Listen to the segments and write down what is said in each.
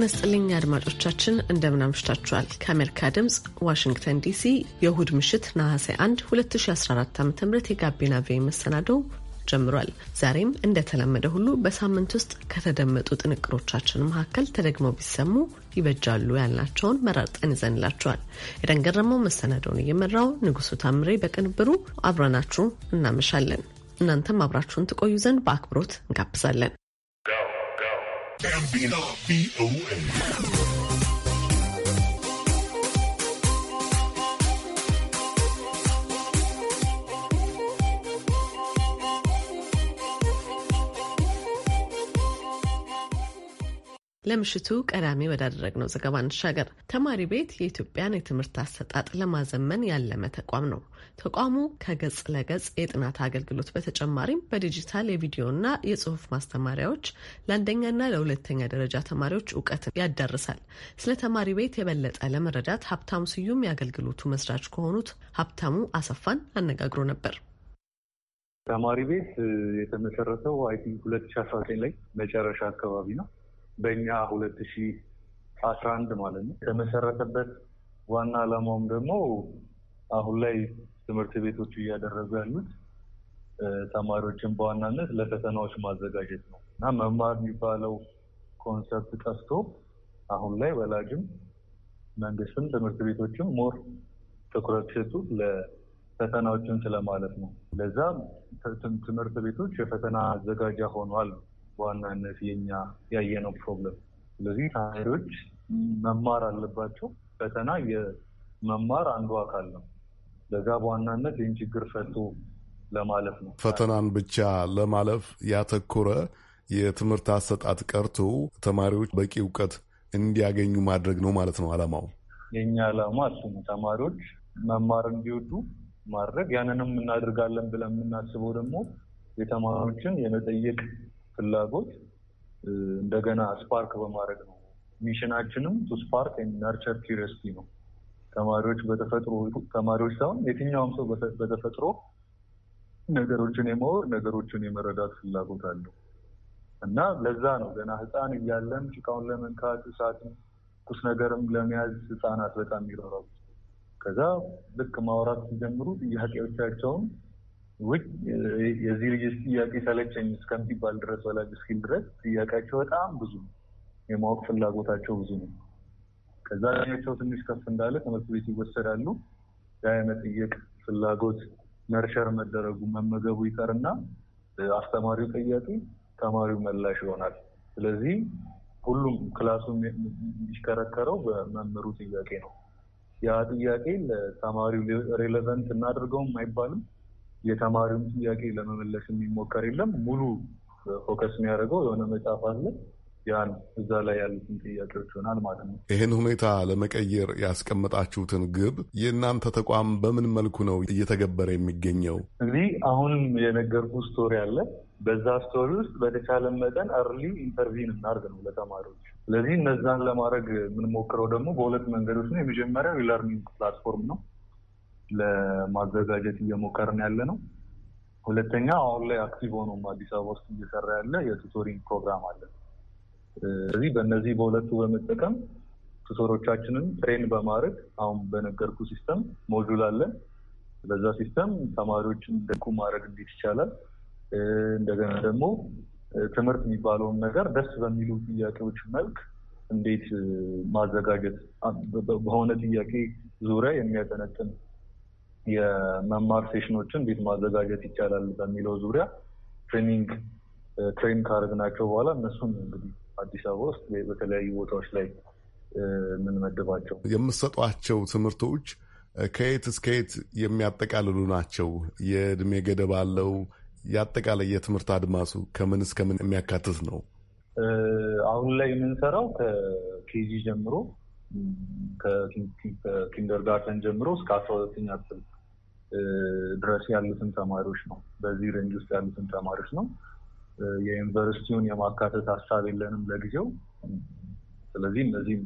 ጤና አድማጮቻችን፣ እንደምን አምሽታችኋል። ከአሜሪካ ድምፅ ዋሽንግተን ዲሲ የእሁድ ምሽት ነሐሴ 1 2014 ዓ ም የጋቢና ቪ መሰናደው ጀምሯል። ዛሬም እንደተለመደ ሁሉ በሳምንት ውስጥ ከተደመጡ ጥንቅሮቻችን መካከል ተደግመው ቢሰሙ ይበጃሉ ያልናቸውን መራርጠን ይዘንላቸዋል። የደንገረመው መሰናዶውን እየመራው ንጉሱ ታምሬ በቅንብሩ አብረናችሁ እናመሻለን። እናንተም አብራችሁን ትቆዩ ዘንድ በአክብሮት እንጋብዛለን። Gambino, B-O-A. ለምሽቱ ቀዳሚ ወዳደረግነው ዘገባ እንሻገር። ተማሪ ቤት የኢትዮጵያን የትምህርት አሰጣጥ ለማዘመን ያለመ ተቋም ነው። ተቋሙ ከገጽ ለገጽ የጥናት አገልግሎት በተጨማሪም በዲጂታል የቪዲዮና የጽሁፍ ማስተማሪያዎች ለአንደኛና ለሁለተኛ ደረጃ ተማሪዎች እውቀት ያዳርሳል። ስለ ተማሪ ቤት የበለጠ ለመረዳት ሀብታሙ ስዩም የአገልግሎቱ መስራች ከሆኑት ሀብታሙ አሰፋን አነጋግሮ ነበር። ተማሪ ቤት የተመሰረተው አይ ቲንክ ሁለት ሺ አስራ ዘጠኝ ላይ መጨረሻ አካባቢ ነው በእኛ ሁለት ሺ አስራ አንድ ማለት ነው የተመሰረተበት ዋና አላማውም ደግሞ አሁን ላይ ትምህርት ቤቶች እያደረጉ ያሉት ተማሪዎችን በዋናነት ለፈተናዎች ማዘጋጀት ነው እና መማር የሚባለው ኮንሰፕት ጠፍቶ አሁን ላይ ወላጅም መንግስትም ትምህርት ቤቶችም ሞር ትኩረት ሰጡት ለፈተናዎችን ስለማለት ነው። ለዛ ትምህርት ቤቶች የፈተና አዘጋጃ ሆኗል። በዋናነት የኛ ያየነው ፕሮብለም። ስለዚህ ተማሪዎች መማር አለባቸው። ፈተና የመማር አንዱ አካል ነው። ለዛ በዋናነት ይህን ችግር ፈቶ ለማለፍ ነው። ፈተናን ብቻ ለማለፍ ያተኮረ የትምህርት አሰጣጥ ቀርቶ ተማሪዎች በቂ እውቀት እንዲያገኙ ማድረግ ነው ማለት ነው አላማው። የእኛ አላማ እሱ ነው። ተማሪዎች መማር እንዲወዱ ማድረግ ያንንም እናደርጋለን ብለን የምናስበው ደግሞ የተማሪዎችን የመጠየቅ ፍላጎት እንደገና ስፓርክ በማድረግ ነው። ሚሽናችንም ቱ ስፓርክ ናርቸር ነው። ተማሪዎች በተፈጥሮ ተማሪዎች ሳይሆን የትኛውም ሰው በተፈጥሮ ነገሮችን የመወር ነገሮችን የመረዳት ፍላጎት አለው እና ለዛ ነው ገና ህፃን እያለን ጭቃውን ለመንካት እሳትን ቁስ ነገርም ለመያዝ ህፃናት በጣም ይረራሉ። ከዛ ልክ ማውራት ሲጀምሩ ጥያቄዎቻቸውን ውጭ የዚህ ልጅ ጥያቄ ሰለቸኝ እስከሚባል ድረስ ወላጅ እስኪል ድረስ ጥያቄያቸው በጣም ብዙ ነው። የማወቅ ፍላጎታቸው ብዙ ነው። ከዛ ዳኛቸው ትንሽ ከፍ እንዳለ ትምህርት ቤት ይወሰዳሉ። ያ የመጠየቅ ፍላጎት መርሸር መደረጉ መመገቡ ይቀርና አስተማሪው ጠያቂ፣ ተማሪው መላሽ ይሆናል። ስለዚህ ሁሉም ክላሱ የሚሽከረከረው በመምህሩ ጥያቄ ነው። ያ ጥያቄ ለተማሪው ሬሌቨንት እናድርገውም አይባልም የተማሪውን ጥያቄ ለመመለስ የሚሞከር የለም። ሙሉ ፎከስ የሚያደርገው የሆነ መጽሐፍ አለ ያን እዛ ላይ ያሉትን ጥያቄዎች ይሆናል ማለት ነው። ይህን ሁኔታ ለመቀየር ያስቀመጣችሁትን ግብ የእናንተ ተቋም በምን መልኩ ነው እየተገበረ የሚገኘው? እንግዲህ አሁን የነገርኩ ስቶሪ አለ። በዛ ስቶሪ ውስጥ በተቻለ መጠን አርሊ ኢንተርቪን እናርግ ነው ለተማሪዎች። ስለዚህ እነዛን ለማድረግ የምንሞክረው ደግሞ በሁለት መንገዶች ነው። የመጀመሪያው የለርኒንግ ፕላትፎርም ነው። ለማዘጋጀት እየሞከርን ያለ ነው። ሁለተኛ አሁን ላይ አክቲቭ ሆኖም አዲስ አበባ ውስጥ እየሰራ ያለ የቱቶሪንግ ፕሮግራም አለ። ስለዚህ በእነዚህ በሁለቱ በመጠቀም ቱቶሮቻችንን ትሬን በማድረግ አሁን በነገርኩ ሲስተም ሞጁል አለ። በዛ ሲስተም ተማሪዎችን ደቁ ማድረግ እንዴት ይቻላል፣ እንደገና ደግሞ ትምህርት የሚባለውን ነገር ደስ በሚሉ ጥያቄዎች መልክ እንዴት ማዘጋጀት በሆነ ጥያቄ ዙሪያ የሚያጠነጥን የመማር ሴሽኖችን እንዴት ማዘጋጀት ይቻላል በሚለው ዙሪያ ትሬኒንግ ትሬን ካደረግናቸው በኋላ እነሱን እንግዲህ አዲስ አበባ ውስጥ በተለያዩ ቦታዎች ላይ የምንመድባቸው የምትሰጧቸው ትምህርቶች ከየት እስከየት የሚያጠቃልሉ ናቸው? የእድሜ ገደብ አለው? የአጠቃላይ የትምህርት አድማሱ ከምን እስከምን የሚያካትት ነው? አሁን ላይ የምንሰራው ከኬጂ ጀምሮ ከኪንደርጋርተን ጀምሮ እስከ አስራ ሁለተኛ ክፍል ድረስ ያሉትን ተማሪዎች ነው። በዚህ ሬንጅ ውስጥ ያሉትን ተማሪዎች ነው። የዩኒቨርሲቲውን የማካተት ሀሳብ የለንም ለጊዜው። ስለዚህ እነዚህም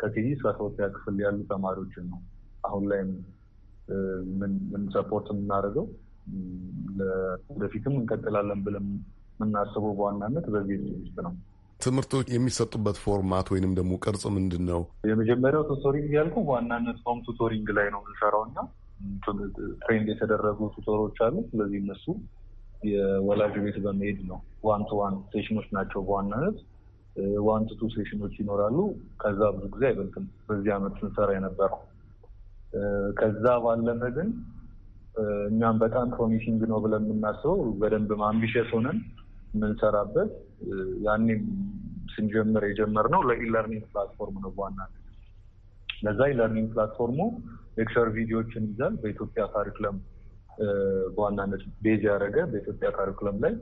ከኬጂ እስከ አስራ ሁለተኛ ክፍል ያሉ ተማሪዎችን ነው አሁን ላይም ምን ሰፖርት የምናደርገው ወደፊትም እንቀጥላለን ብለን የምናስበው በዋናነት በዚህ ውስጥ ነው። ትምህርቶች የሚሰጡበት ፎርማት ወይንም ደግሞ ቅርጽ ምንድን ነው? የመጀመሪያው ቱቶሪንግ ያልኩ በዋናነት ሆም ቱቶሪንግ ላይ ነው የምንሰራው እና ትሬንድ የተደረጉ ቱቶሮች አሉ። ስለዚህ እነሱ የወላጅ ቤት በመሄድ ነው። ዋን ቱ ዋን ሴሽኖች ናቸው በዋናነት ዋን ቱ ቱ ሴሽኖች ይኖራሉ። ከዛ ብዙ ጊዜ አይበልጥም። በዚህ አመት ስንሰራ የነበረው ከዛ ባለፈ ግን እኛም በጣም ፕሮሚሲንግ ነው ብለን የምናስበው በደንብ አምቢሽስ ሆነን የምንሰራበት ያኔም ስንጀምር የጀመርነው ለኢለርኒንግ ፕላትፎርም ነው። ዋና ለዛ ኢለርኒንግ ፕላትፎርሙ ሌክቸር ቪዲዮዎችን ይዛል። በኢትዮጵያ ካሪክለም በዋናነት ቤዝ ያደረገ በኢትዮጵያ ካሪክለም ላይ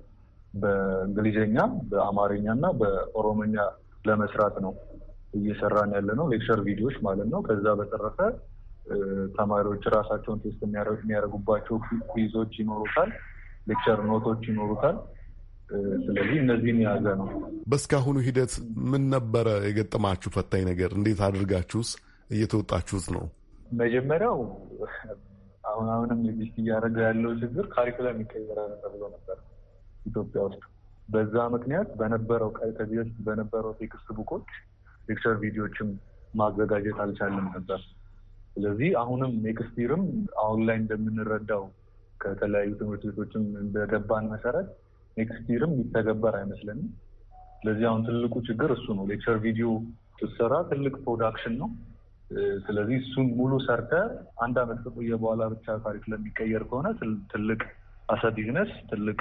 በእንግሊዝኛ፣ በአማርኛ እና በኦሮሞኛ ለመስራት ነው እየሰራን ያለ ነው። ሌክቸር ቪዲዮዎች ማለት ነው። ከዛ በተረፈ ተማሪዎች ራሳቸውን ቴስት የሚያደርጉባቸው ኩዞች ይኖሩታል። ሌክቸር ኖቶች ይኖሩታል። ስለዚህ እነዚህን የያዘ ነው። በእስካሁኑ ሂደት ምን ነበረ የገጠማችሁ ፈታኝ ነገር? እንዴት አድርጋችሁስ እየተወጣችሁት ነው? መጀመሪያው አሁን አሁንም ሊስ እያደረገ ያለው ችግር ካሪኩለም ይቀየራል ተብሎ ነበር ኢትዮጵያ ውስጥ። በዛ ምክንያት በነበረው ከዚህ በፊት በነበረው ቴክስት ቡኮች ሌክቸር ቪዲዮዎችም ማዘጋጀት አልቻለም ነበር። ስለዚህ አሁንም ኔክስቲርም አሁን ላይ እንደምንረዳው ከተለያዩ ትምህርት ቤቶችም እንደገባን መሰረት ኔክስት ይርም የሚተገበር አይመስለንም። ስለዚህ አሁን ትልቁ ችግር እሱ ነው። ሌክቸር ቪዲዮ ስትሰራ ትልቅ ፕሮዳክሽን ነው። ስለዚህ እሱን ሙሉ ሰርተ አንድ አመት ከቆየ በኋላ ብቻ ታሪክ ለሚቀየር ከሆነ ትልቅ አሰ ቢዝነስ ትልቅ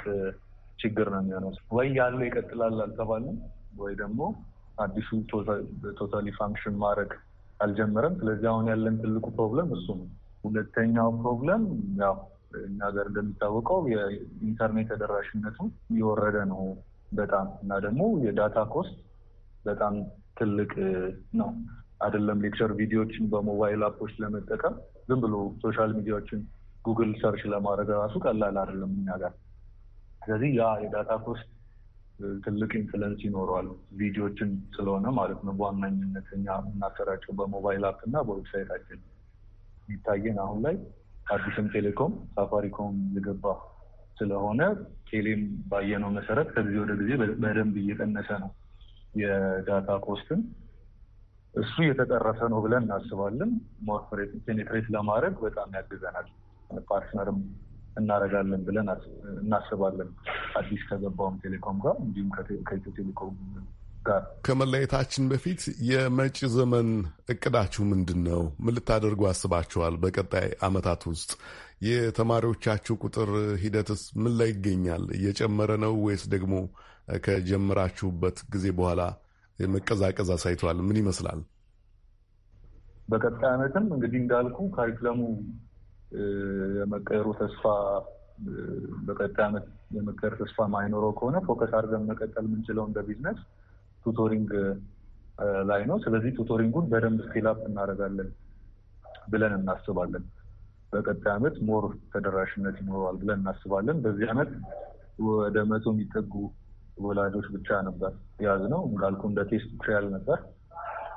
ችግር ነው የሚሆነው። ወይ ያለው ይቀጥላል አልተባልንም፣ ወይ ደግሞ አዲሱ ቶታሊ ፋንክሽን ማድረግ አልጀመረም። ስለዚህ አሁን ያለን ትልቁ ፕሮብለም እሱ ነው። ሁለተኛው ፕሮብለም ያው እኛ ሀገር እንደሚታወቀው የኢንተርኔት ተደራሽነቱ የወረደ ነው በጣም እና ደግሞ የዳታ ኮስት በጣም ትልቅ ነው። አይደለም ሌክቸር ቪዲዮዎችን በሞባይል አፖች ለመጠቀም ዝም ብሎ ሶሻል ሚዲያዎችን ጉግል ሰርች ለማድረግ ራሱ ቀላል አይደለም እኛ ጋር። ስለዚህ ያ የዳታ ኮስት ትልቅ ኢንፍሉንስ ይኖረዋል። ቪዲዮዎችን ስለሆነ ማለት ነው በዋናኝነት እኛ የምናሰራቸው በሞባይል አፕ እና በዌብሳይታችን የሚታየን አሁን ላይ ከአዲስም ቴሌኮም ሳፋሪኮም የገባ ስለሆነ ቴሌም ባየነው መሰረት ከጊዜ ወደ ጊዜ በደንብ እየቀነሰ ነው የዳታ ኮስትን። እሱ የተጠረሰ ነው ብለን እናስባለን። ፔኔትሬት ለማድረግ በጣም ያግዘናል። ፓርትነርም እናደርጋለን ብለን እናስባለን። አዲስ ከገባውም ቴሌኮም ጋር እንዲሁም ከኢትዮ ቴሌኮም ጋር። ከመለየታችን በፊት የመጪ ዘመን እቅዳችሁ ምንድን ነው? ምን ልታደርጉ አስባችኋል? በቀጣይ አመታት ውስጥ የተማሪዎቻችሁ ቁጥር ሂደትስ ምን ላይ ይገኛል? እየጨመረ ነው ወይስ ደግሞ ከጀመራችሁበት ጊዜ በኋላ መቀዛቀዝ አሳይተዋል? ምን ይመስላል? በቀጣይ አመትም እንግዲህ እንዳልኩ ካሪክለሙ የመቀየሩ ተስፋ በቀጣይ አመት የመቀየር ተስፋ ማይኖረው ከሆነ ፎከስ አድርገን መቀጠል የምንችለው እንደ ቢዝነስ ቱቶሪንግ ላይ ነው። ስለዚህ ቱቶሪንጉን በደንብ ስኪላፕ እናደርጋለን ብለን እናስባለን። በቀጣይ ዓመት ሞር ተደራሽነት ይኖረዋል ብለን እናስባለን። በዚህ ዓመት ወደ መቶ የሚጠጉ ወላጆች ብቻ ነበር የያዝነው። እንዳልኩ እንደ ቴስት ትሪያል ነበር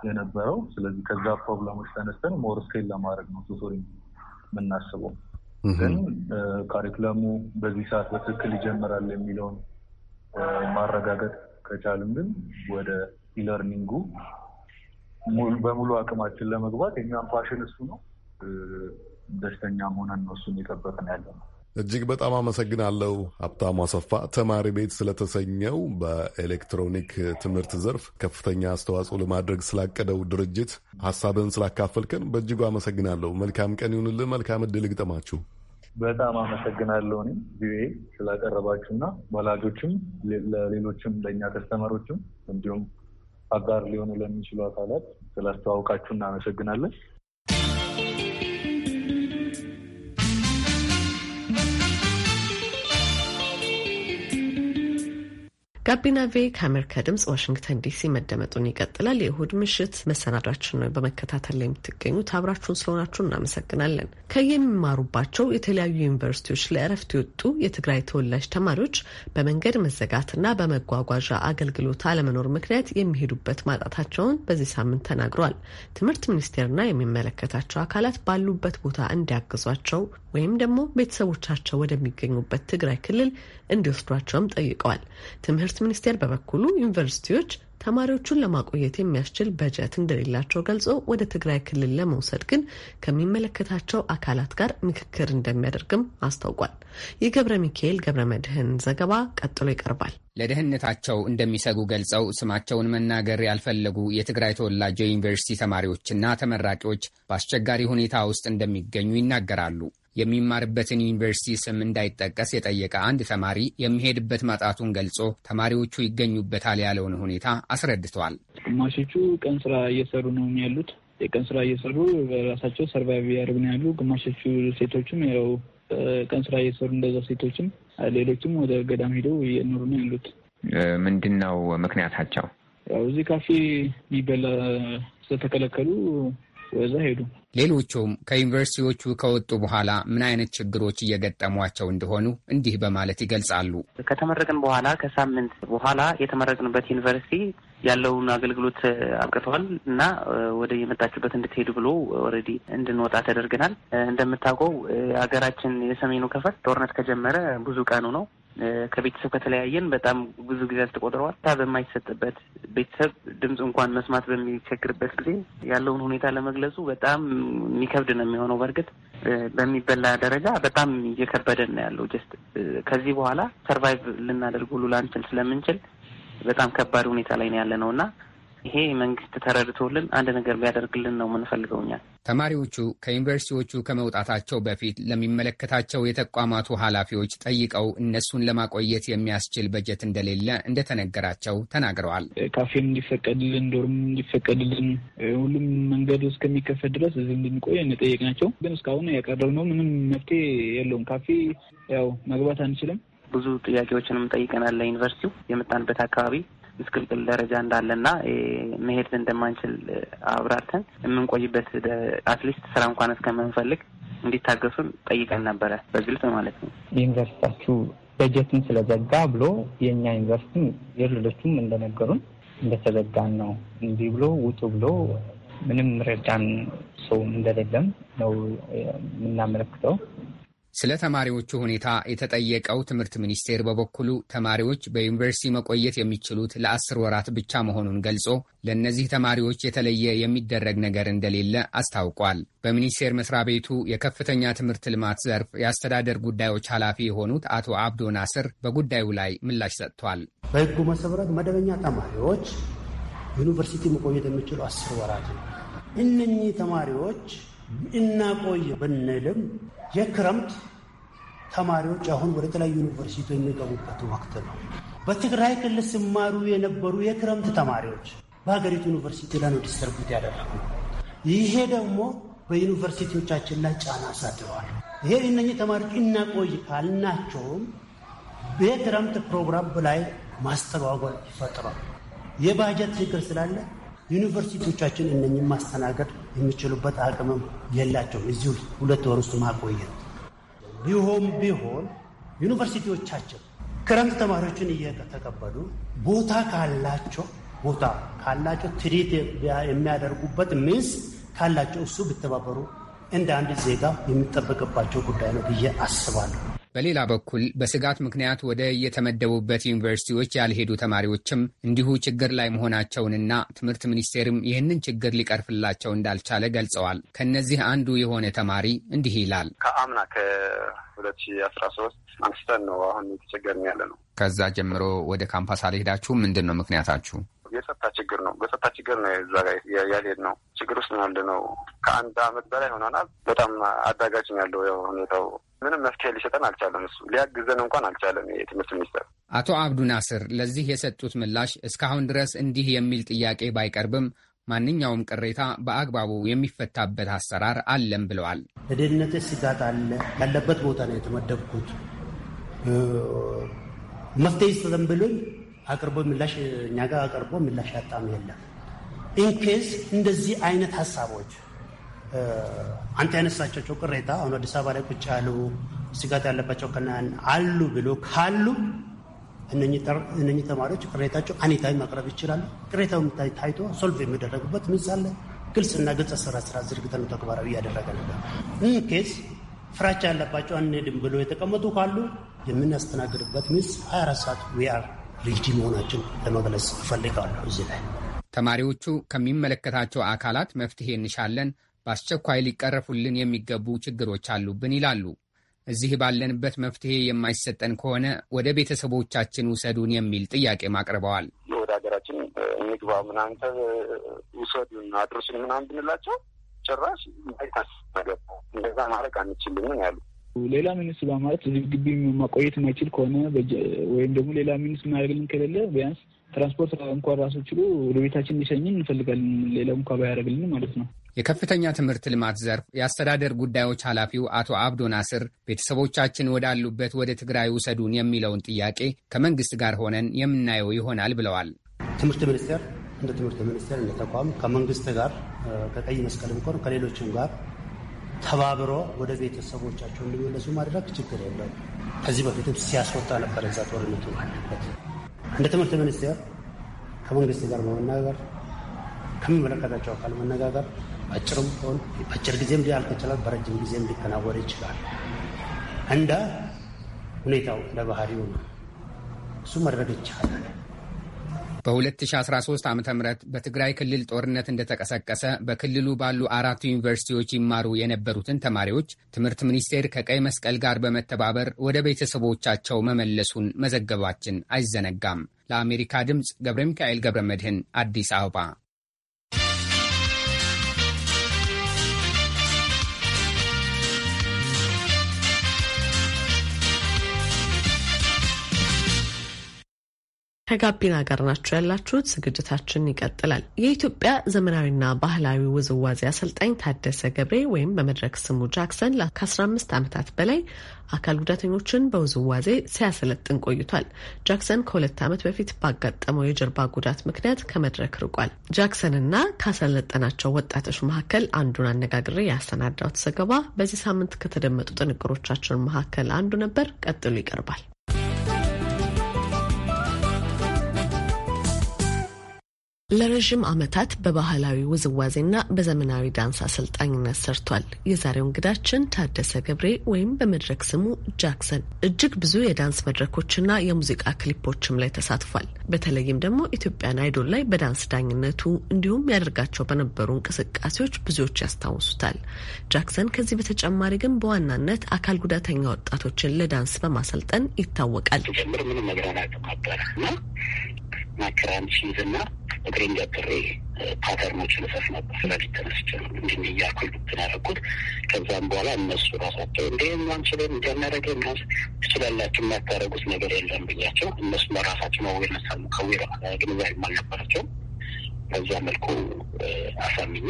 የነበረው። ስለዚህ ከዛ ፕሮብለሞች ተነስተን ሞር ስኬል ለማድረግ ነው ቱቶሪንግ የምናስበው። ግን ካሪክለሙ በዚህ ሰዓት በትክክል ይጀምራል የሚለውን ማረጋገጥ ከቻልም ግን ወደ ኢለርኒንጉ በሙሉ አቅማችን ለመግባት የኛም ፋሽን እሱ ነው። ደስተኛ ሆነን ነው እሱን የጠበቅን ያለ ነው። እጅግ በጣም አመሰግናለሁ ሀብታሙ አሰፋ። ተማሪ ቤት ስለተሰኘው በኤሌክትሮኒክ ትምህርት ዘርፍ ከፍተኛ አስተዋጽኦ ለማድረግ ስላቀደው ድርጅት ሀሳብን ስላካፈልከን በእጅጉ አመሰግናለሁ። መልካም ቀን ይሁንልህ። መልካም እድል ይግጠማችሁ። በጣም አመሰግናለሁ እኔም ቪኦኤ ስላቀረባችሁና ወላጆችም ለሌሎችም ለእኛ ከስተመሮችም እንዲሁም አጋር ሊሆኑ ለሚችሉ አካላት ስላስተዋውቃችሁ እናመሰግናለን። ጋቢና ቬ ከአሜሪካ ድምጽ ዋሽንግተን ዲሲ መደመጡን ይቀጥላል። የእሁድ ምሽት መሰናዷችን ነው በመከታተል ላይ የምትገኙት። አብራችሁን ስለሆናችሁ እናመሰግናለን። ከየሚማሩባቸው የተለያዩ ዩኒቨርሲቲዎች ለእረፍት የወጡ የትግራይ ተወላጅ ተማሪዎች በመንገድ መዘጋትና በመጓጓዣ አገልግሎት አለመኖር ምክንያት የሚሄዱበት ማጣታቸውን በዚህ ሳምንት ተናግረዋል። ትምህርት ሚኒስቴርና የሚመለከታቸው አካላት ባሉበት ቦታ እንዲያግዟቸው ወይም ደግሞ ቤተሰቦቻቸው ወደሚገኙበት ትግራይ ክልል እንዲወስዷቸውም ጠይቀዋል። ትምህርት ሚኒስቴር በበኩሉ ዩኒቨርሲቲዎች ተማሪዎቹን ለማቆየት የሚያስችል በጀት እንደሌላቸው ገልጾ ወደ ትግራይ ክልል ለመውሰድ ግን ከሚመለከታቸው አካላት ጋር ምክክር እንደሚያደርግም አስታውቋል። የገብረ ሚካኤል ገብረ መድህን ዘገባ ቀጥሎ ይቀርባል። ለደህንነታቸው እንደሚሰጉ ገልጸው ስማቸውን መናገር ያልፈለጉ የትግራይ ተወላጅ የዩኒቨርሲቲ ተማሪዎችና ተመራቂዎች በአስቸጋሪ ሁኔታ ውስጥ እንደሚገኙ ይናገራሉ። የሚማርበትን ዩኒቨርሲቲ ስም እንዳይጠቀስ የጠየቀ አንድ ተማሪ የሚሄድበት ማጣቱን ገልጾ ተማሪዎቹ ይገኙበታል ያለውን ሁኔታ አስረድተዋል። ግማሾቹ ቀን ስራ እየሰሩ ነው ያሉት። የቀን ስራ እየሰሩ በራሳቸው ሰርቫይቭ ያደርግ ነው ያሉ። ግማሾቹ ሴቶችም ያው ቀን ስራ እየሰሩ እንደዛ፣ ሴቶችም ሌሎችም ወደ ገዳም ሄደው እየኖሩ ነው ያሉት። ምንድን ነው ምክንያታቸው? ያው እዚህ ካፌ የሚበላ ስለተከለከሉ ወዛ ሄዱ። ሌሎቹም ከዩኒቨርሲቲዎቹ ከወጡ በኋላ ምን አይነት ችግሮች እየገጠሟቸው እንደሆኑ እንዲህ በማለት ይገልጻሉ። ከተመረቅን በኋላ ከሳምንት በኋላ የተመረቅንበት ዩኒቨርሲቲ ያለውን አገልግሎት አብቅተዋል እና ወደ የመጣችሁበት እንድትሄዱ ብሎ ኦልሬዲ እንድንወጣ ተደርገናል። እንደምታውቀው ሀገራችን የሰሜኑ ክፍል ጦርነት ከጀመረ ብዙ ቀኑ ነው። ከቤተሰብ ከተለያየን በጣም ብዙ ጊዜያት ተቆጥረዋል። ታ በማይሰጥበት ቤተሰብ ድምፅ እንኳን መስማት በሚቸግርበት ጊዜ ያለውን ሁኔታ ለመግለጹ በጣም የሚከብድ ነው የሚሆነው። በእርግጥ በሚበላ ደረጃ በጣም እየከበደን ነው ያለው። ጀስት ከዚህ በኋላ ሰርቫይቭ ልናደርግ ሁሉ ላንችል ስለምንችል በጣም ከባድ ሁኔታ ላይ ነው ያለ ነው እና ይሄ መንግስት ተረድቶልን አንድ ነገር ቢያደርግልን ነው ምንፈልገውኛል። ተማሪዎቹ ከዩኒቨርሲቲዎቹ ከመውጣታቸው በፊት ለሚመለከታቸው የተቋማቱ ኃላፊዎች ጠይቀው እነሱን ለማቆየት የሚያስችል በጀት እንደሌለ እንደተነገራቸው ተናግረዋል። ካፌም እንዲፈቀድልን፣ ዶርም እንዲፈቀድልን፣ ሁሉም መንገድ እስከሚከፈት ድረስ እዚህ እንድንቆይ እንጠየቅናቸው። ግን እስካሁን ያቀረብነው ምንም መፍትሄ የለውም። ካፌ ያው መግባት አንችልም። ብዙ ጥያቄዎችንም ጠይቀናል። ለዩኒቨርሲቲው የመጣንበት አካባቢ ምስቅልቅል ደረጃ እንዳለና መሄድ እንደማንችል አብራርተን የምንቆይበት አትሊስት ስራ እንኳን እስከምንፈልግ እንዲታገሱን ጠይቀን ነበረ፣ በግልጽ ማለት ነው። ዩኒቨርስቲታችሁ በጀትም ስለዘጋ ብሎ የእኛ ዩኒቨርስቲም የሌሎቹም እንደነገሩን እንደተዘጋን ነው እንዲህ ብሎ ውጡ ብሎ ምንም ረዳን ሰውም እንደሌለም ነው የምናመለክተው። ስለ ተማሪዎቹ ሁኔታ የተጠየቀው ትምህርት ሚኒስቴር በበኩሉ ተማሪዎች በዩኒቨርሲቲ መቆየት የሚችሉት ለአስር ወራት ብቻ መሆኑን ገልጾ ለእነዚህ ተማሪዎች የተለየ የሚደረግ ነገር እንደሌለ አስታውቋል። በሚኒስቴር መስሪያ ቤቱ የከፍተኛ ትምህርት ልማት ዘርፍ የአስተዳደር ጉዳዮች ኃላፊ የሆኑት አቶ አብዶ ናስር በጉዳዩ ላይ ምላሽ ሰጥቷል። በሕጉ መሰረት መደበኛ ተማሪዎች ዩኒቨርሲቲ መቆየት የሚችሉ አስር ወራት ነው። እነኚህ ተማሪዎች እናቆይ ብንልም የክረምት ተማሪዎች አሁን ወደ ተለያዩ ዩኒቨርሲቲ የሚገቡበት ወቅት ነው። በትግራይ ክልል ሲማሩ የነበሩ የክረምት ተማሪዎች በሀገሪቱ ዩኒቨርሲቲ ላይ ነው ዲስተርቡት ያደረጉ። ይሄ ደግሞ በዩኒቨርሲቲዎቻችን ላይ ጫና አሳድረዋል። ይሄ እነኚህ ተማሪዎች እናቆይ ካልናቸውም የክረምት ፕሮግራም ላይ ማስተጓጎል ይፈጥራል። የባጀት ችግር ስላለ ዩኒቨርሲቲዎቻችን እነኝም ማስተናገድ የሚችሉበት አቅምም የላቸውም። እዚሁ ሁለት ወር ውስጥ ማቆየት ቢሆን ቢሆን ዩኒቨርሲቲዎቻቸው ክረምት ተማሪዎችን እየተቀበሉ ቦታ ካላቸው ቦታ ካላቸው ትሪት የሚያደርጉበት ሚንስ ካላቸው እሱ ቢተባበሩ እንደ አንድ ዜጋ የሚጠበቅባቸው ጉዳይ ነው ብዬ አስባለሁ። በሌላ በኩል በስጋት ምክንያት ወደ የተመደቡበት ዩኒቨርሲቲዎች ያልሄዱ ተማሪዎችም እንዲሁ ችግር ላይ መሆናቸውንና ትምህርት ሚኒስቴርም ይህንን ችግር ሊቀርፍላቸው እንዳልቻለ ገልጸዋል። ከእነዚህ አንዱ የሆነ ተማሪ እንዲህ ይላል። ከአምና ከሁለት ሺህ አስራ ሶስት አንስተን ነው አሁን የተቸገርን ያለ ነው። ከዛ ጀምሮ ወደ ካምፓስ አልሄዳችሁም? ምንድን ነው ምክንያታችሁ? የጸጥታ ችግር ነው። በጸጥታ ችግር ነው እዛ ጋር ያልሄድ ነው ችግር ውስጥ ነው ከአንድ አመት በላይ ሆኖናል። በጣም አዳጋች ያለው ያው ሁኔታው ምንም መፍትሄ ሊሰጠን አልቻለም። እሱ ሊያግዘን እንኳን አልቻለም የትምህርት ሚኒስቴር። አቶ አብዱ ናስር ለዚህ የሰጡት ምላሽ እስካሁን ድረስ እንዲህ የሚል ጥያቄ ባይቀርብም ማንኛውም ቅሬታ በአግባቡ የሚፈታበት አሰራር አለም ብለዋል። ለደህንነት ስጋት አለ ያለበት ቦታ ነው የተመደብኩት። መፍትሄ ይሰጠን ብሎኝ አቅርቦ ምላሽ እኛ ጋር አቅርቦ ምላሽ ያጣም የለም ኢንኬዝ እንደዚህ አይነት ሀሳቦች አንተ ያነሳቸው ቅሬታ አሁን አዲስ አበባ ላይ ቁጭ ያሉ ስጋት ያለባቸው ከናን አሉ ብሎ ካሉ እነኚህ ተማሪዎች ቅሬታቸው አኔታዊ ማቅረብ ይችላሉ። ቅሬታው ታይቶ ሶልቭ የሚደረግበት ምሳለ ግልጽና ግልጽ ስራ ስራ ዝርግተን ተግባራዊ እያደረገ ነበር። ኢንኬዝ ፍራቻ ያለባቸው አንሄድም ብሎ የተቀመጡ ካሉ የምናስተናግድበት ሚስ 24 ሰዓት ዊአር ሪዲ መሆናችን ለመግለጽ እፈልጋለሁ እዚህ ላይ ተማሪዎቹ ከሚመለከታቸው አካላት መፍትሄ እንሻለን፣ በአስቸኳይ ሊቀረፉልን የሚገቡ ችግሮች አሉብን ይላሉ። እዚህ ባለንበት መፍትሄ የማይሰጠን ከሆነ ወደ ቤተሰቦቻችን ውሰዱን የሚል ጥያቄ አቅርበዋል። ወደ ሀገራችን እንግባ ምናንተ ውሰዱን አድርሱን ምናምን ብንላቸው ጭራሽ ማይታስ ነገር እንደዛ ማድረግ አንችልም ያሉ ሌላ ሚኒስትር በማለት ግቢ ማቆየት የማይችል ከሆነ ወይም ደግሞ ሌላ ሚኒስትር ማድረግልን ከሌለ ቢያንስ ትራንስፖርት እንኳን ራሱ ችሎ ወደ ቤታችን እንዲሰኝን እንፈልጋለን። ሌላ እንኳ ባያደርግልን ማለት ነው። የከፍተኛ ትምህርት ልማት ዘርፍ የአስተዳደር ጉዳዮች ኃላፊው አቶ አብዶ ናስር ቤተሰቦቻችን ወዳሉበት ወደ ትግራይ ውሰዱን የሚለውን ጥያቄ ከመንግስት ጋር ሆነን የምናየው ይሆናል ብለዋል። ትምህርት ሚኒስቴር እንደ ትምህርት ሚኒስቴር እንደ ተቋም ከመንግስት ጋር ከቀይ መስቀል እንኳን ከሌሎችም ጋር ተባብሮ ወደ ቤተሰቦቻቸው እንዲመለሱ ማድረግ ችግር የለው። ከዚህ በፊትም ሲያስወጣ ነበር እዛ ጦርነቱ እንደ ትምህርት ሚኒስቴር ከመንግስት ጋር በመነጋገር ከሚመለከታቸው አካል መነጋገር አጭርም ሆን በአጭር ጊዜም ሊያልቅ ይችላል፣ በረጅም ጊዜም ሊከናወን ይችላል። እንደ ሁኔታው እንደ ባህሪው ነው። እሱ መድረግ ይቻላል። በ2013 ዓ ም በትግራይ ክልል ጦርነት እንደተቀሰቀሰ በክልሉ ባሉ አራቱ ዩኒቨርሲቲዎች ይማሩ የነበሩትን ተማሪዎች ትምህርት ሚኒስቴር ከቀይ መስቀል ጋር በመተባበር ወደ ቤተሰቦቻቸው መመለሱን መዘገባችን አይዘነጋም። ለአሜሪካ ድምፅ ገብረ ሚካኤል ገብረ መድህን አዲስ አበባ ከጋቢና ጋር ናቸው ያላችሁት። ዝግጅታችን ይቀጥላል። የኢትዮጵያ ዘመናዊና ባህላዊ ውዝዋዜ አሰልጣኝ ታደሰ ገብሬ ወይም በመድረክ ስሙ ጃክሰን ከ15 ዓመታት በላይ አካል ጉዳተኞችን በውዝዋዜ ሲያሰለጥን ቆይቷል። ጃክሰን ከሁለት ዓመት በፊት ባጋጠመው የጀርባ ጉዳት ምክንያት ከመድረክ ርቋል። ጃክሰንና ካሰለጠናቸው ወጣቶች መካከል አንዱን አነጋግሬ ያሰናዳሁት ዘገባ በዚህ ሳምንት ከተደመጡ ጥንቅሮቻችን መካከል አንዱ ነበር። ቀጥሎ ይቀርባል። ለረዥም ዓመታት በባህላዊ ውዝዋዜና በዘመናዊ ዳንስ አሰልጣኝነት ሰርቷል። የዛሬው እንግዳችን ታደሰ ገብሬ ወይም በመድረክ ስሙ ጃክሰን እጅግ ብዙ የዳንስ መድረኮችና የሙዚቃ ክሊፖችም ላይ ተሳትፏል። በተለይም ደግሞ ኢትዮጵያን አይዶል ላይ በዳንስ ዳኝነቱ እንዲሁም ያደርጋቸው በነበሩ እንቅስቃሴዎች ብዙዎች ያስታውሱታል። ጃክሰን ከዚህ በተጨማሪ ግን በዋናነት አካል ጉዳተኛ ወጣቶችን ለዳንስ በማሰልጠን ይታወቃል። ጀምር ምንም ነገር አላውቅም ነበረ እና እግሬ እንዲያጥሬ ፓተርኖች ልሰፍ ነበር። ረዲት ተነስቼ ነው እንዲህ እያልኩኝ እንትን ያደረኩት። ከዛም በኋላ እነሱ ራሳቸው እንደ አንችልም እንዲያናደረገ ሚያስ ትችላላችሁ፣ የማታደረጉት ነገር የለም ብያቸው እነሱ ለራሳቸው ወይነሳሉ ከዊ ግንዛቤ አልነበራቸውም። በዛ መልኩ አሳምኜ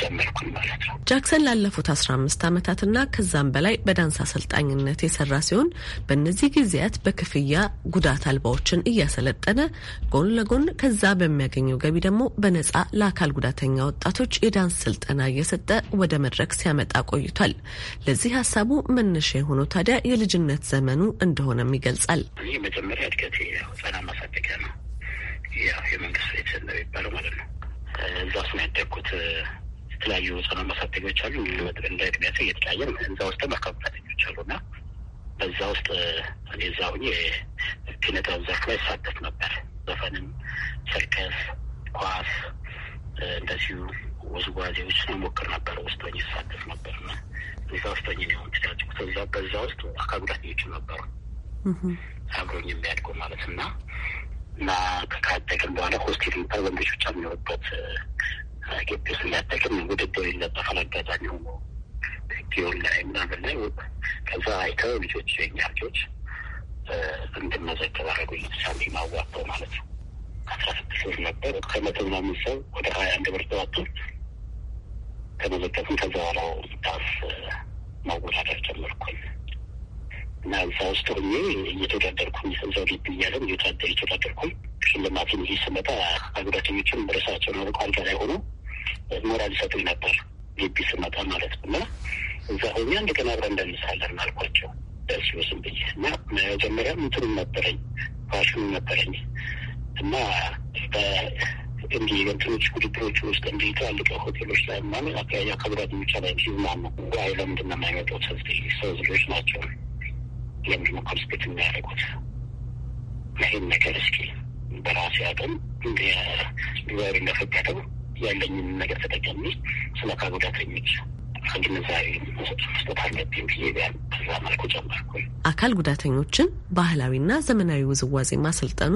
ጀመርኩኝ ማለት ነው። ጃክሰን ላለፉት አስራ አምስት ዓመታትና ከዛም በላይ በዳንስ አሰልጣኝነት የሰራ ሲሆን በእነዚህ ጊዜያት በክፍያ ጉዳት አልባዎችን እያሰለጠነ ጎን ለጎን ከዛ በሚያገኘው ገቢ ደግሞ በነጻ ለአካል ጉዳተኛ ወጣቶች የዳንስ ስልጠና እየሰጠ ወደ መድረክ ሲያመጣ ቆይቷል። ለዚህ ሀሳቡ መነሻ የሆነው ታዲያ የልጅነት ዘመኑ እንደሆነም ይገልጻል። መጀመሪያ እድገቴ ህጻናት ማሳደጊያ ነው ያው የመንግስት ቤተሰብ ነው የሚባለው ማለት ነው እዛ ውስጥ ያደግኩት። የተለያዩ ጽኖ ማሳደጊዎች አሉ። እንደ እድሜያቸው እየተለያየ እዛ ውስጥ አካባቢ ማሳደጊያዎች አሉ እና በዛ ውስጥ እኔ እዛ ሁኜ ኪነ ጥበብ ዘርፍ ላይ ሳተፍ ነበር። ዘፈንም፣ ሰርከስ፣ ኳስ እንደዚሁ ውዝዋዜዎች ሞክር ነበር። ውስጥ ሆኜ ሳተፍ ነበር እና እዛ ውስጥ ሆኜ ነው ያደግኩት። እዛ በዛ ውስጥ አካባቢ ጉዳተኞችም ነበሩ አብሮኝ የሚያድጉ ማለት እና እና ከታደግን በኋላ ሆስቴል የሚባል ወንዶች ብቻ የሚኖሩበት ግቢ ውስጥ እያደግን ውድድር ይለጠፋል። አጋጣሚ ሆኖ ጊዮን ላይ ምናምን ላይ ከዛ አይተው ልጆች የኛ ልጆች እንድመዘገብ አደረጉኝ። ሳሚ ማዋቀው ማለት ነው። አስራ ስድስት ብር ነበር ከመቶ ምናምን ሰው ወደ ሀያ አንድ ብር ተዋጡ። ተመዘገብን። ከዛ በኋላ ዳንስ ማወዳደር ጀመርኩኝ። እና ውስጥ ሆኜ እየተወዳደርኩኝ እዛው ልብ እያለም እየተወዳደር እየተወዳደርኩኝ ሽልማት ይህ ስመጣ አጉዳተኞችም ርሳቸውን ወደ ቋንቋ ላይ ሆኖ ሞራል ይሰጡኝ ነበር። ልብ ስመጣ ማለት ነው እና እዛ ሆኜ አንድ ቀን አብረን እንደምሳለን አልኳቸው። ደርስ ስም ብዬ እና መጀመሪያ እንትኑ ነበረኝ ፋሽኑ ነበረኝ እና እንዲህ እንትኖች ውድድሮች ውስጥ እንዲህ ትላልቅ ሆቴሎች ላይ ማ አካባቢ አካባቢ ብቻ ላይ ሲዝናኑ አይለምድና የማይመጣው ሰው ዝሎች ናቸው ለምንድን ነው ኮንስፔት የሚያደርጉት? ይህን ነገር እስኪ በራሴ አቅም እንደ ዲዛይር እንደፈቀደው ያለኝን ነገር ተጠቀሚ ስለ አካል ጉዳተኞች መስጠት አለብኝ ብዬ መልኩ አካል ጉዳተኞችን ባህላዊና ዘመናዊ ውዝዋዜ ማሰልጠኑ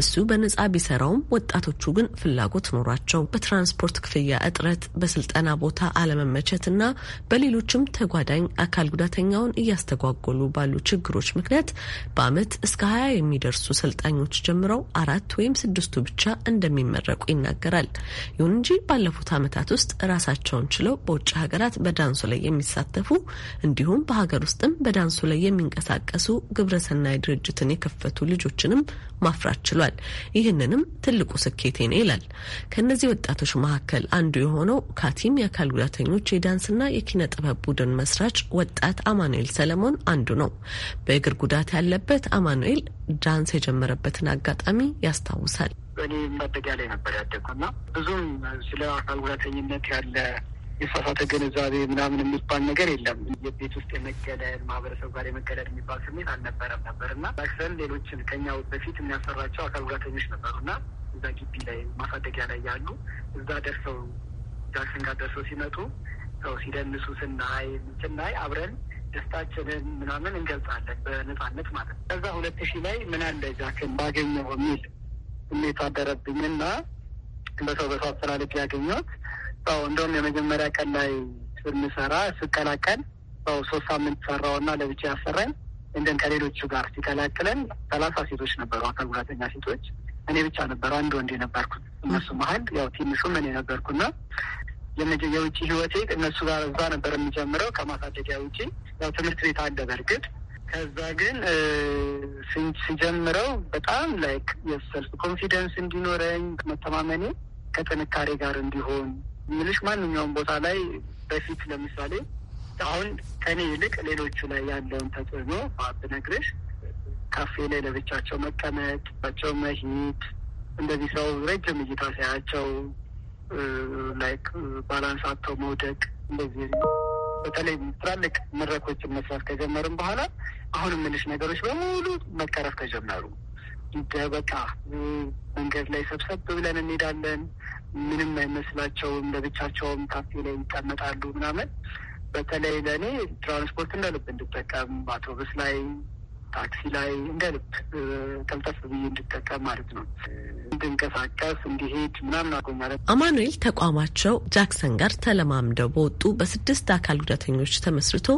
እሱ በነጻ ቢሰራውም ወጣቶቹ ግን ፍላጎት ኖሯቸው በትራንስፖርት ክፍያ እጥረት፣ በስልጠና ቦታ አለመመቸት እና በሌሎችም ተጓዳኝ አካል ጉዳተኛውን እያስተጓጎሉ ባሉ ችግሮች ምክንያት በዓመት እስከ ሀያ የሚደርሱ ሰልጣኞች ጀምረው አራት ወይም ስድስቱ ብቻ እንደሚመረቁ ይናገራል። ይሁን እንጂ ባለፉት ዓመታት ውስጥ ራሳቸውን ችለው በውጭ ሀገራት በዳንሱ ላይ የሚሳተፉ እንዲሁም በሀገር ውስጥም በዳንሱ ላይ የሚንቀሳቀሱ ግብረሰናይ ድርጅትን የከፈቱ ልጆችንም ማፍራት ችሏል። ይህንንም ትልቁ ስኬቴ ነው ይላል። ከእነዚህ ወጣቶች መካከል አንዱ የሆነው ካቲም የአካል ጉዳተኞች የዳንስና የኪነ ጥበብ ቡድን መስራች ወጣት አማኑኤል ሰለሞን አንዱ ነው። በእግር ጉዳት ያለበት አማኑኤል ዳንስ የጀመረበትን አጋጣሚ ያስታውሳል። እኔ ማደጊያ ላይ ነበር ያደግኩና ብዙም ስለ አካል ጉዳተኝነት ያለ የሳሳተ ግንዛቤ ምናምን የሚባል ነገር የለም። የቤት ውስጥ የመገለል ማህበረሰብ ጋር የመገለል የሚባል ስሜት አልነበረም ነበር እና አክሰን ሌሎችን ከኛ በፊት የሚያሰራቸው አካል ጉዳተኞች ነበሩ እና እዛ ግቢ ላይ ማሳደጊያ ላይ ያሉ እዛ ደርሰው ጃክሰን ጋር ደርሰው ሲመጡ ሰው ሲደንሱ ስናይ ስናይ አብረን ደስታችንን ምናምን እንገልጻለን በነፃነት ማለት ነው። ከዛ ሁለት ሺህ ላይ ምን አለ ጃክን ባገኘው የሚል ስሜት አደረብኝና በሰው በሰው አስተላለፍ ያገኘት ው እንደውም የመጀመሪያ ቀን ላይ ስንሰራ ስቀላቀል ው ሶስት ሳምንት ሰራውና ለብቻ ያሰራኝ እንደን ከሌሎቹ ጋር ሲቀላቅለን ሰላሳ ሴቶች ነበሩ፣ አካል ጉዳተኛ ሴቶች። እኔ ብቻ ነበር አንድ ወንድ የነበርኩት እነሱ መሀል ያው ትንሹም እኔ ነበርኩና የውጭ ህይወቴ እነሱ ጋር እዛ ነበር የሚጀምረው። ከማሳደጊያ ውጪ ያው ትምህርት ቤት አለ በእርግጥ ከዛ ግን ስጀምረው በጣም ላይክ የሰልፍ ኮንፊደንስ እንዲኖረኝ መተማመኔ ከጥንካሬ ጋር እንዲሆን ምልሽ ማንኛውም ቦታ ላይ በፊት ለምሳሌ አሁን ከኔ ይልቅ ሌሎቹ ላይ ያለውን ተጽዕኖ ብነግርሽ ካፌ ላይ ለብቻቸው መቀመጥ ቸው መሄድ እንደዚህ ሰው ረጅም እይታ ሳያቸው ላይክ ባላንስ አጥተው መውደቅ እንደዚህ በተለይ ትላልቅ መድረኮችን መስራት ከጀመርም በኋላ አሁን የምልሽ ነገሮች በሙሉ መቀረፍ ከጀመሩ ደበቃ መንገድ ላይ ሰብሰብ ብለን እንሄዳለን። ምንም አይመስላቸውም። ለብቻቸውም ካፌ ላይ ይቀመጣሉ ምናምን። በተለይ ለእኔ ትራንስፖርት እንደልብ እንድጠቀም አውቶቡስ ላይ ታክሲ ላይ እንደ ልብ ቀልጠፍ ብዬ እንድጠቀም ማለት ነው እንድንቀሳቀስ እንዲሄድ ምናምን አጎ ማለት አማኑኤል ተቋማቸው ጃክሰን ጋር ተለማምደው በወጡ በስድስት አካል ጉዳተኞች ተመስርቶ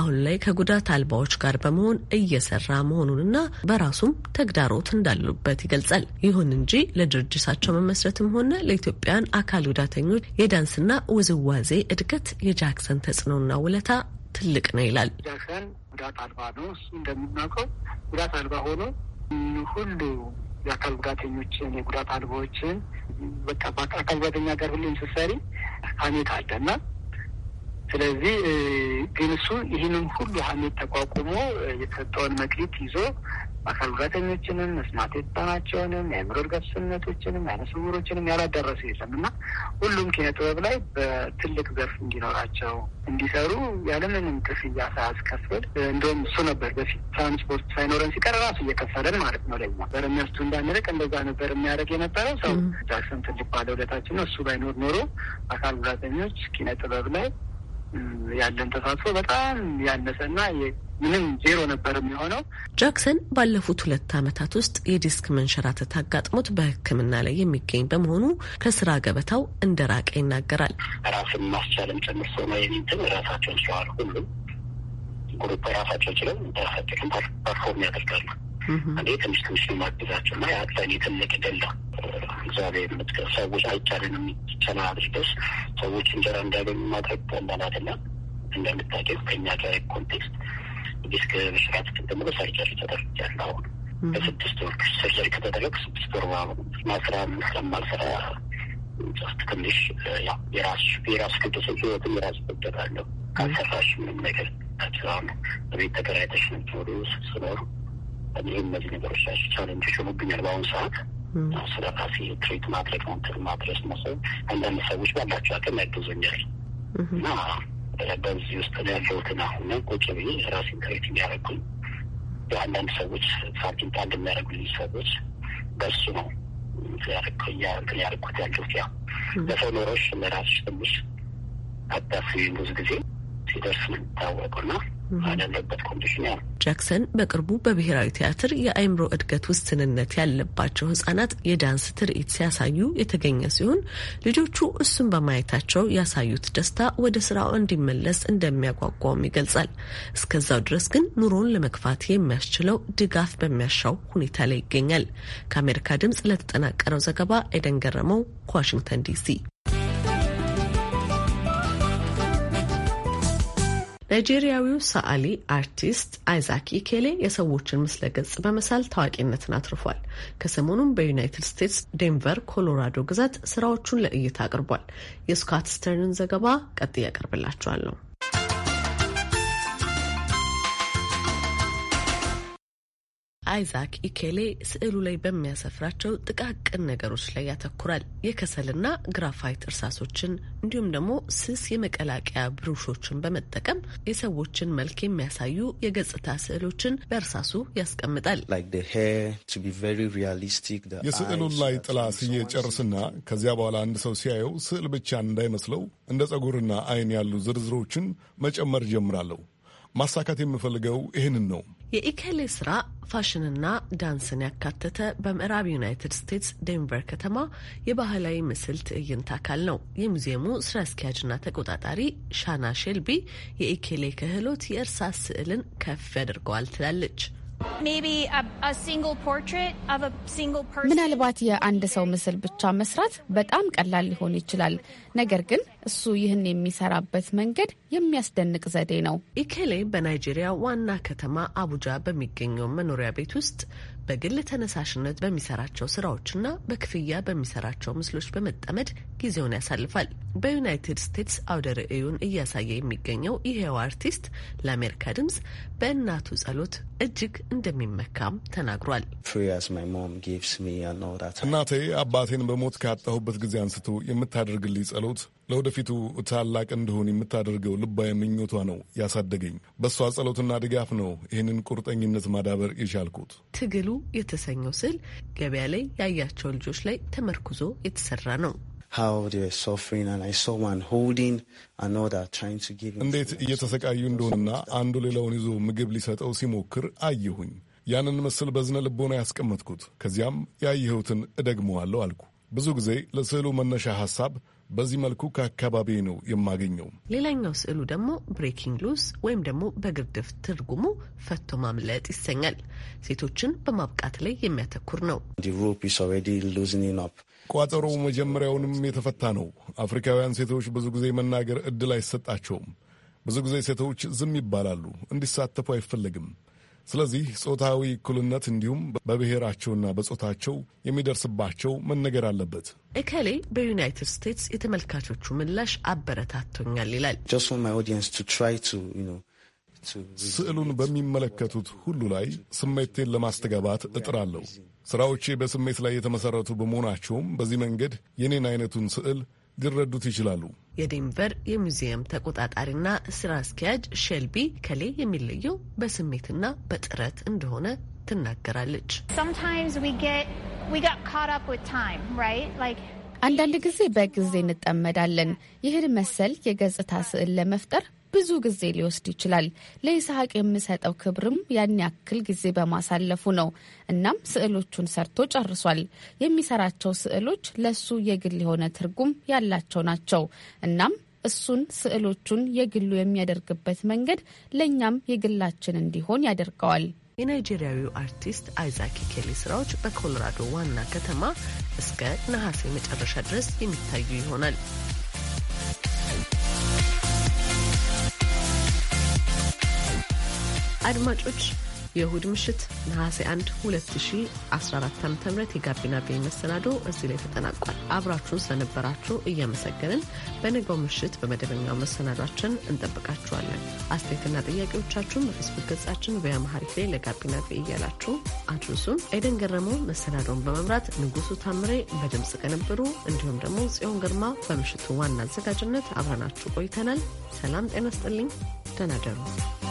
አሁን ላይ ከጉዳት አልባዎች ጋር በመሆን እየሰራ መሆኑንና በራሱም ተግዳሮት እንዳሉበት ይገልጻል። ይሁን እንጂ ለድርጅታቸው መመስረትም ሆነ ለኢትዮጵያን አካል ጉዳተኞች የዳንስና ውዝዋዜ እድገት የጃክሰን ተጽዕኖና ውለታ ትልቅ ነው ይላል። ጉዳት አልባ ነው። እሱ እንደምናውቀው ጉዳት አልባ ሆኖ ሁሉ የአካል ጉዳተኞችን የጉዳት አልባዎችን በቃ በአካል ጉዳተኛ ጋር ሁሉ ስትሰሪ ሀሜት አለ እና ስለዚህ ግን እሱ ይህንም ሁሉ ሀሜት ተቋቁሞ የተሰጠውን መክሊት ይዞ አካል ጉዳተኞችንም መስማት የተሳናቸውንም የአእምሮ እድገት ስምምነቶችንም አይነ ስውሮችንም ያላደረሰ የለም እና ሁሉም ኪነ ጥበብ ላይ በትልቅ ዘርፍ እንዲኖራቸው እንዲሰሩ ያለምንም ክፍያ ሳያስከፍል እንደውም እሱ ነበር በፊት ትራንስፖርት ሳይኖረን ሲቀር ራሱ እየከፈለን ማለት ነው። ለኛ በረሚያስቱ እንዳንርቅ እንደዛ ነበር የሚያደርግ የነበረው ሰው ጃክሰን ትልቅ ባለውለታችን ነው። እሱ ባይኖር ኖሮ አካል ጉዳተኞች ኪነ ጥበብ ላይ ያለን ተሳትፎ በጣም ያነሰና ምንም ዜሮ ነበር የሚሆነው። ጃክሰን ባለፉት ሁለት ዓመታት ውስጥ የዲስክ መንሸራተት አጋጥሞት በሕክምና ላይ የሚገኝ በመሆኑ ከስራ ገበታው እንደ ራቀ ይናገራል። ራስን ማስቻለም ጭምር ሰው ነው የሚንትን ራሳቸውን ችለዋል። ሁሉም ግሩፕ ራሳቸው ችለው ራሳቸውን ፐርፎርም ያደርጋሉ። እኔ ትንሽ ትንሽ ማግዛቸው እና የአቅጠኔ ትልቅ ደላ እግዚአብሔር ምትቀ ሰዎች አይቻልን የሚቻላ አድርገሽ ሰዎች እንጀራ እንዳገኙ ማድረግ ቀላል አይደለም። እንደምታውቂው ከእኛ ጋር ኮንቴክስት ዲስክ በሽራት ክትምሮ ሰርጀሪ ተደርጃለሁ። አሁን በስድስት ወር ሰርጀሪ ከተደረግ ስድስት ወር ማስራ ስለማልሰራ ሶስት ትንሽ የራሱ የራሱ ቅዱስ ህይወትም የራሱ በደት አለው ካልሰራሽ ምንም ነገር ሆነ በቤት ተከራይተሽ ነበሩ ትኖሩ ይህም እነዚህ ነገሮች ራሱ ቻለንጅ ሆኑብኛል በአሁኑ ሰዓት ስለ ራሴ ትሪት ማድረግ ምትል ማድረስ መሰብ አንዳንድ ሰዎች ባላቸው አቅም ያግዙኛል እና በዚህ ውስጥ ነው ያለሁትን አሁን ቁጭ ብዬ ራሴን ትሪት የሚያደረጉኝ አንዳንድ ሰዎች ሳርኪን ጣል የሚያደርጉልኝ ሰዎች በሱ ነው ያደርኩት ያደርኩት ያለሁት ያ ለሰው ኖሮች ለራሱ ትንሽ አዳፍ ብዙ ጊዜ ሲደርስ ነው የሚታወቀው ና ኮንዲሽን ጃክሰን በቅርቡ በብሔራዊ ቲያትር የአእምሮ እድገት ውስንነት ያለባቸው ህጻናት የዳንስ ትርኢት ሲያሳዩ የተገኘ ሲሆን ልጆቹ እሱን በማየታቸው ያሳዩት ደስታ ወደ ስራው እንዲመለስ እንደሚያጓጓውም ይገልጻል። እስከዛው ድረስ ግን ኑሮን ለመግፋት የሚያስችለው ድጋፍ በሚያሻው ሁኔታ ላይ ይገኛል። ከአሜሪካ ድምጽ ለተጠናቀረው ዘገባ ኤደን ገረመው ከዋሽንግተን ዲሲ ናይጄሪያዊው ሰዓሊ አርቲስት አይዛክ ኢኬሌ የሰዎችን ምስለ ገጽ በመሳል ታዋቂነትን አትርፏል። ከሰሞኑም በዩናይትድ ስቴትስ ዴንቨር ኮሎራዶ ግዛት ስራዎቹን ለእይታ አቅርቧል። የስካት ስተርንን ዘገባ ቀጥ ያቀርብላችኋለሁ። አይዛክ ኢኬሌ ስዕሉ ላይ በሚያሰፍራቸው ጥቃቅን ነገሮች ላይ ያተኩራል። የከሰልና ግራፋይት እርሳሶችን እንዲሁም ደግሞ ስስ የመቀላቀያ ብሩሾችን በመጠቀም የሰዎችን መልክ የሚያሳዩ የገጽታ ስዕሎችን በእርሳሱ ያስቀምጣል። የስዕሉን ላይ ጥላ ስዬ ጨርስና ከዚያ በኋላ አንድ ሰው ሲያየው ስዕል ብቻ እንዳይመስለው እንደ ጸጉርና አይን ያሉ ዝርዝሮችን መጨመር ጀምራለሁ። ማሳካት የምፈልገው ይህንን ነው። የኢኬሌ ስራ ፋሽንና ዳንስን ያካተተ በምዕራብ ዩናይትድ ስቴትስ ዴንቨር ከተማ የባህላዊ ምስል ትዕይንት አካል ነው። የሙዚየሙ ስራ አስኪያጅና ተቆጣጣሪ ሻና ሼልቢ የኢኬሌ ክህሎት የእርሳስ ስዕልን ከፍ ያደርገዋል ትላለች። ምናልባት የአንድ ሰው ምስል ብቻ መስራት በጣም ቀላል ሊሆን ይችላል። ነገር ግን እሱ ይህን የሚሰራበት መንገድ የሚያስደንቅ ዘዴ ነው። ኢኬሌ በናይጄሪያ ዋና ከተማ አቡጃ በሚገኘው መኖሪያ ቤት ውስጥ በግል ተነሳሽነት በሚሰራቸው ስራዎችና በክፍያ በሚሰራቸው ምስሎች በመጠመድ ጊዜውን ያሳልፋል። በዩናይትድ ስቴትስ አውደ ርዕዩን እያሳየ የሚገኘው ይሄው አርቲስት ለአሜሪካ ድምጽ በእናቱ ጸሎት እጅግ እንደሚመካም ተናግሯል። እናቴ አባቴን በሞት ካጣሁበት ጊዜ አንስቶ የምታደርግልኝ ጸሎት ለወደፊቱ ታላቅ እንድሆን የምታደርገው ልባዊ ምኞቷ ነው ያሳደገኝ። በእሷ ጸሎትና ድጋፍ ነው ይህንን ቁርጠኝነት ማዳበር የቻልኩት። ትግሉ የተሰኘው ስዕል ገበያ ላይ ያያቸው ልጆች ላይ ተመርኩዞ የተሰራ ነው። እንዴት እየተሰቃዩ እንደሆንና አንዱ ሌላውን ይዞ ምግብ ሊሰጠው ሲሞክር አየሁኝ። ያንን ምስል በዝነ ልቦና ያስቀመጥኩት፣ ከዚያም ያየሁትን እደግመዋለሁ አልኩ። ብዙ ጊዜ ለስዕሉ መነሻ ሐሳብ በዚህ መልኩ ከአካባቢ ነው የማገኘው። ሌላኛው ስዕሉ ደግሞ ብሬኪንግ ሉዝ ወይም ደግሞ በግርድፍ ትርጉሙ ፈቶ ማምለጥ ይሰኛል። ሴቶችን በማብቃት ላይ የሚያተኩር ነው። ቋጠሮ መጀመሪያውንም የተፈታ ነው። አፍሪካውያን ሴቶች ብዙ ጊዜ መናገር እድል አይሰጣቸውም። ብዙ ጊዜ ሴቶች ዝም ይባላሉ፣ እንዲሳተፉ አይፈለግም። ስለዚህ ጾታዊ እኩልነት እንዲሁም በብሔራቸውና በጾታቸው የሚደርስባቸው መነገር አለበት። እከሌ በዩናይትድ ስቴትስ የተመልካቾቹ ምላሽ አበረታቶኛል ይላል። ስዕሉን በሚመለከቱት ሁሉ ላይ ስሜቴን ለማስተጋባት እጥራለሁ። ስራዎቼ በስሜት ላይ የተመሰረቱ በመሆናቸውም በዚህ መንገድ የኔን አይነቱን ስዕል ሊረዱት ይችላሉ። የዴንቨር የሙዚየም ተቆጣጣሪና ስራ አስኪያጅ ሼልቢ ከሌ የሚለየው በስሜትና በጥረት እንደሆነ ትናገራለች። አንዳንድ ጊዜ በጊዜ እንጠመዳለን። ይህን መሰል የገጽታ ስዕል ለመፍጠር ብዙ ጊዜ ሊወስድ ይችላል። ለይስሐቅ የምሰጠው ክብርም ያን ያክል ጊዜ በማሳለፉ ነው። እናም ስዕሎቹን ሰርቶ ጨርሷል። የሚሰራቸው ስዕሎች ለሱ የግል የሆነ ትርጉም ያላቸው ናቸው። እናም እሱን ስዕሎቹን የግሉ የሚያደርግበት መንገድ ለእኛም የግላችን እንዲሆን ያደርገዋል። የናይጄሪያዊው አርቲስት አይዛክ ኬሊ ስራዎች በኮሎራዶ ዋና ከተማ እስከ ነሐሴ መጨረሻ ድረስ የሚታዩ ይሆናል። አድማጮች የእሁድ ምሽት ነሐሴ 1 2014 ዓ ም የጋቢና ቤ መሰናዶ እዚህ ላይ ተጠናቋል። አብራችሁን ስለነበራችሁ እያመሰገንን በነጋው ምሽት በመደበኛው መሰናዷችን እንጠብቃችኋለን። አስተያየትና ጥያቄዎቻችሁን በፌስቡክ ገጻችን በያማሐሪክ ላይ ለጋቢና ቤ እያላችሁ አድርሱን። ኤደን ገረመው መሰናዶውን በመምራት ንጉሱ ታምሬ በድምፅ ቅንብሩ፣ እንዲሁም ደግሞ ጽዮን ግርማ በምሽቱ ዋና አዘጋጅነት አብረናችሁ ቆይተናል። ሰላም ጤና ስጥልኝ። ደህና ደሩ።